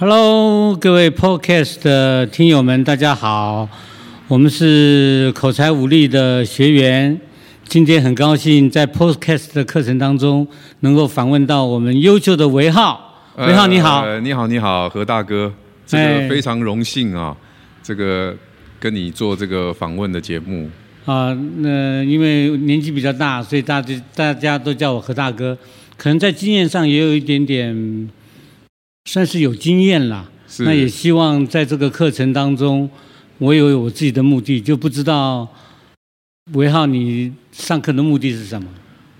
Hello，各位 Podcast 的聽友們，大家好。我們是口才五力的學員，今天很高興在 Podcast 的課程當中能夠訪問到我們優秀的惟浩。惟、呃、浩，你好。你好，你好，何大哥，這個非常榮幸啊、哦哎，這個跟你做這個訪問的節目。啊、呃，那因為年紀比較大，所以大大家都叫我何大哥，可能在經驗上也有一點點。算是有經驗了，那也希望在這個課程當中，我也有我自己的目的，就不知道惟浩，你上課的目的是什麼？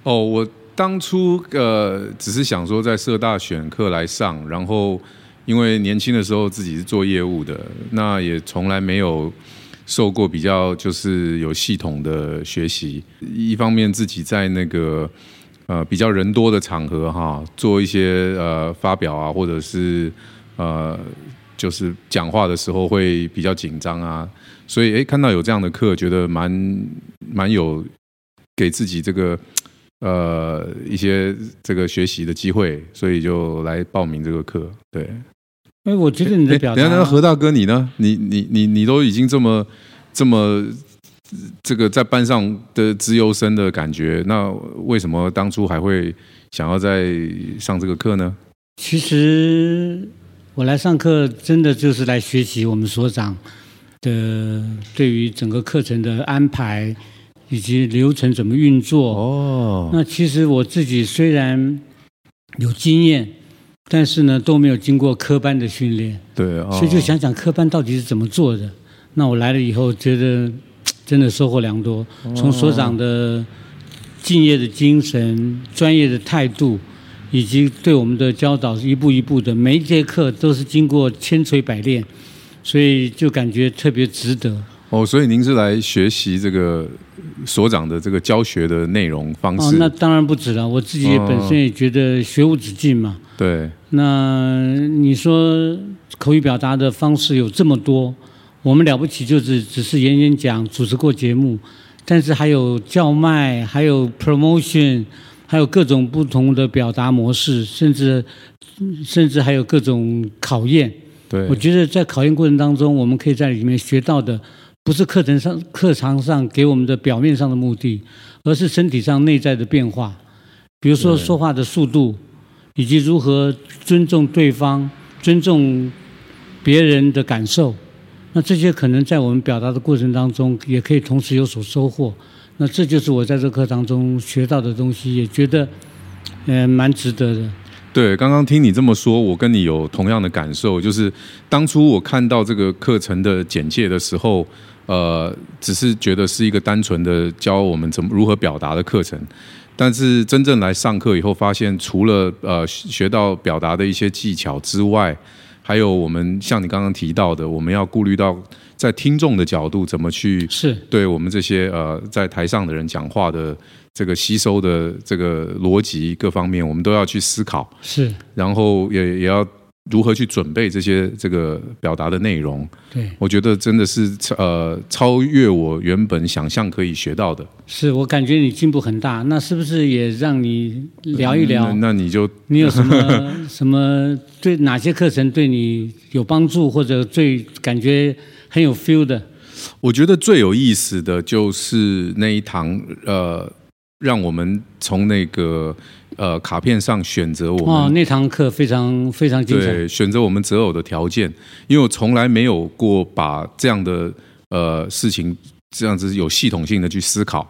哦，我當初呃，只是想說在社大選課來上，然後因為年輕的時候自己是做業務的，那也從來沒有受過比較就是有系統的學習，一方面自己在那個。呃，比較人多的場合哈，做一些呃發表啊，或者是呃，就是講話的時候會比較緊張啊，所以誒、欸，看到有這樣的課，覺得蠻蠻有給自己這個呃一些這個學習的機會，所以就來報名這個課。對，哎、欸，我覺得你的表、啊，那、欸、何大哥你呢？你你你你都已經這麼這麼。這個在班上的資優生的感覺，那為什麼當初還會想要再上這個課呢？其實我來上課真的就是來學習我們所長的對於整個課程的安排，以及流程怎麼運作。哦，那其實我自己雖然有經驗，但是呢都沒有經過科班的訓練，對，哦，所以就想想科班到底是怎麼做的。那我來了以後覺得。真的收穫良多，從所長的敬業的精神、哦，專業的態度，以及對我們的教導，一步一步的，每一節課都是經過千錘百鍊，所以就感覺特別值得。哦，所以您是來學習這個所長的這個教學的內容方式？哦，那當然不止了，我自己也本身也覺得學無止境嘛，哦。對，那你說口語表達的方式有這麼多。我們了不起，就，就是只是演、演講、主持過節目，但是還有叫賣，還有 promotion，還有各種不同的表達模式，甚至甚至還有各種考驗。對，我覺得在考驗過程當中，我們可以在裡面學到的，不是課程上課堂上給我們的表面上的目的，而是身體上內在的變化，比如說說話的速度，以及如何尊重對方、尊重別人的感受。那這些可能在我們表達的過程當中，也可以同時有所收穫。那這就是我在這個課當中學到的東西，也覺得，嗯，呃，蠻值得的。對，剛剛聽你這麼說，我跟你有同樣的感受。就是當初我看到這個課程的簡介的時候，呃，只是覺得是一個單純的教我們怎麼如何表達的課程。但是真正來上課以後，發現除了呃學到表達的一些技巧之外，還有我們像你剛剛提到的，我們要顧慮到在聽眾的角度怎麼去，是對我們這些呃在台上的人講話的這個吸收的這個邏輯各方面，我們都要去思考。是，然後也也要。如何去準備這些這個表達的內容？對，我覺得真的是呃超越我原本想象可以學到的。是，我感覺你進步很大，那是不是也讓你聊一聊？嗯，那，那你就你有什麼 什麼對哪些課程對你有幫助，或者最感覺很有 feel 的？我覺得最有意思的就是那一堂呃。讓我們從那個呃卡片上選擇我們哦，那堂課非常非常精彩。對，選擇我們擇偶的條件，因為我從來沒有過把這樣的呃事情這樣子有系統性的去思考。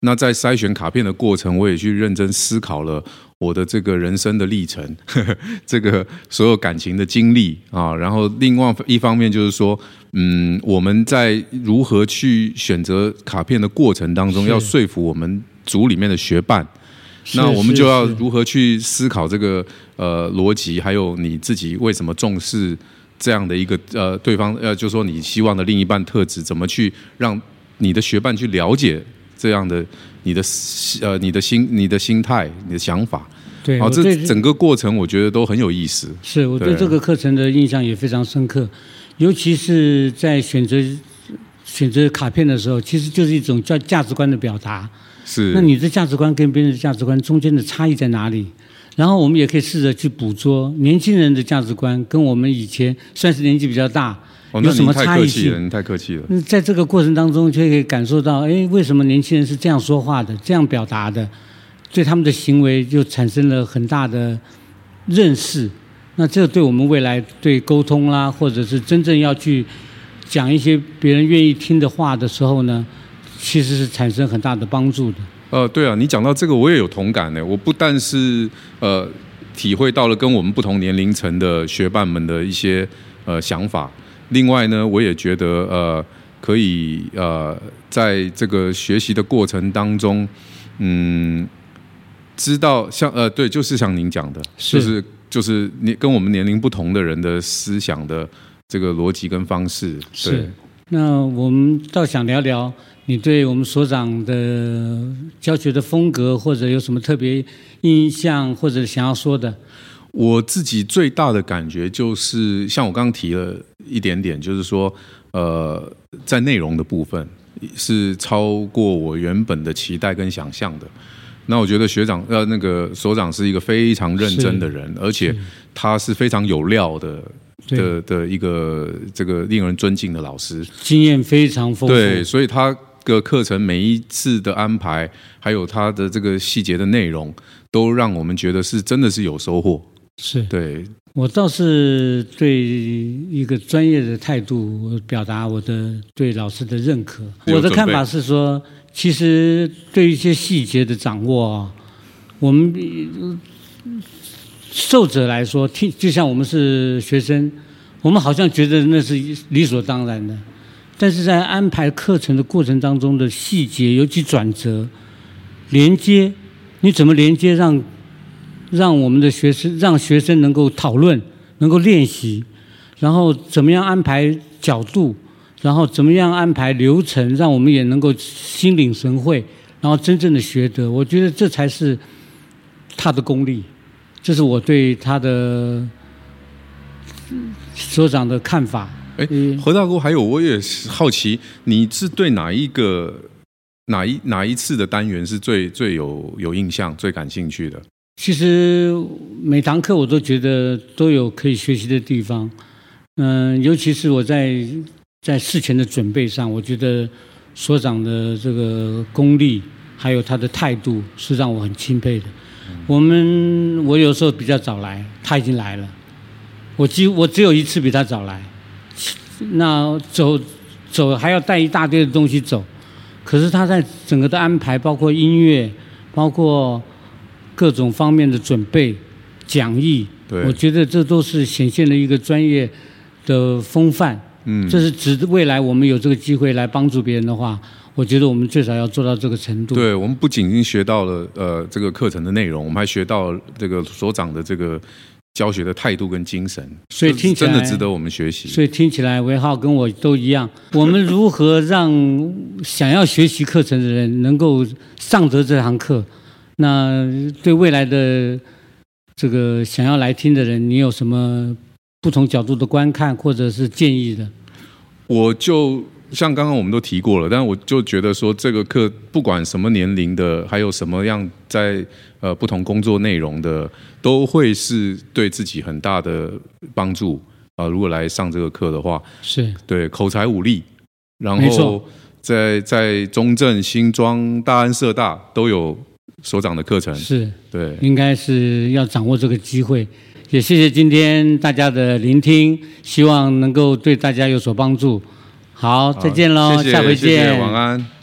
那在篩選卡片的過程，我也去認真思考了我的這個人生的歷程，呵呵這個所有感情的經歷啊、哦。然後另外一方面就是說，嗯，我們在如何去選擇卡片的過程當中，要說服我們。組裡面的學伴，那我們就要如何去思考這個呃邏輯，還有你自己為什麼重視這樣的一個呃對方呃，就是說你希望的另一半特質，怎麼去讓你的學伴去了解這樣的你的呃你的心你的心態你的想法？對，好對，這整個過程我覺得都很有意思。是，我對這個課程的印象也非常深刻，尤其是在選擇。選擇卡片的時候，其實就是一種價價值觀的表達。是。那你的價值觀跟別人的價值觀中間的差異在哪裡？然後我們也可以試着去捕捉年輕人的價值觀，跟我們以前算是年紀比較大、哦、有什麼差異性？太客氣了，那在這個過程當中，就可以感受到，哎，為什麼年輕人是這樣說話的，這樣表達的？對他們的行為就產生了很大的認識。那這對我們未來對溝通啦，或者是真正要去。講一些別人願意聽的話的時候呢，其實是產生很大的幫助的。呃，對啊，你講到這個，我也有同感呢。我不但是呃體會到了跟我們不同年齡層的學伴們的一些呃想法，另外呢，我也覺得呃可以呃在這個學習的過程當中，嗯，知道像呃對，就是像您講的，是，就是就是你跟我們年齡不同的人的思想的。這個邏輯跟方式對，是。那我們倒想聊聊你對我們所長的教學的風格，或者有什麼特別印象，或者想要說的。我自己最大的感覺就是，像我剛剛提了一點點，就是說，呃，在內容的部分，是超過我原本的期待跟想象的。那我覺得學長呃，那個所長是一個非常認真的人，而且他是非常有料的對的的一個這個令人尊敬的老師，經驗非常豐富。對，所以他的課程每一次的安排，還有他的這個細節的內容，都讓我們覺得是真的是有收穫。是，對。我倒是對一個專業的態度，表達我的對老師的認可。我的看法是說，其實對一些細節的掌握啊，我們受者來說，聽就像我們是學生，我們好像覺得那是理所當然的，但是在安排課程的過程當中的細節，尤其轉折、連接，你怎麼連接讓？讓我們的學生讓學生能夠討論，能夠練習，然後怎麼樣安排角度，然後怎麼樣安排流程，讓我們也能夠心領神會，然後真正的學得，我覺得這才是他的功力。這是我對他的所長的看法。哎，何大哥，還有我也是好奇，你是對哪一個哪一哪一次的單元是最最有有印象、最感興趣的？其實每堂課我都覺得都有可以學習的地方，嗯，尤其是我在在事前的準備上，我覺得所長的這個功力，還有他的態度是讓我很欽佩的。我們我有時候比較早來，他已經來了，我幾我只有一次比他早來，那走走還要帶一大堆的東西走，可是他在整個的安排，包括音樂，包括。各種方面的準備，講義。對，我覺得這都是顯現了一個專業的風範。嗯，這是指未來我們有這個機會來幫助別人的話，我覺得我們最少要做到這個程度。對，我們不僅僅學到了呃這個課程的內容，我們還學到這個所長的這個教學的態度跟精神，所以聽真的值得我們學習。所以聽起來，惟浩跟我都一樣，我們如何讓想要學習課程的人能夠上得這堂課？那對未來的這個想要來聽的人，你有什麼不同角度的觀看或者是建議的？我就像剛剛我們都提過了，但是我就覺得說，這個課不管什麼年齡的，還有什麼樣在呃不同工作內容的，都會是對自己很大的幫助啊、呃！如果來上這個課的話，是，對口才五力，然後在在，在中正、新莊、大安、社大都有。所長的課程是對，應該是要掌握這個機會。也謝謝今天大家的聆聽，希望能夠對大家有所幫助。好，再見嘍，下回見，謝謝，謝謝，晚安。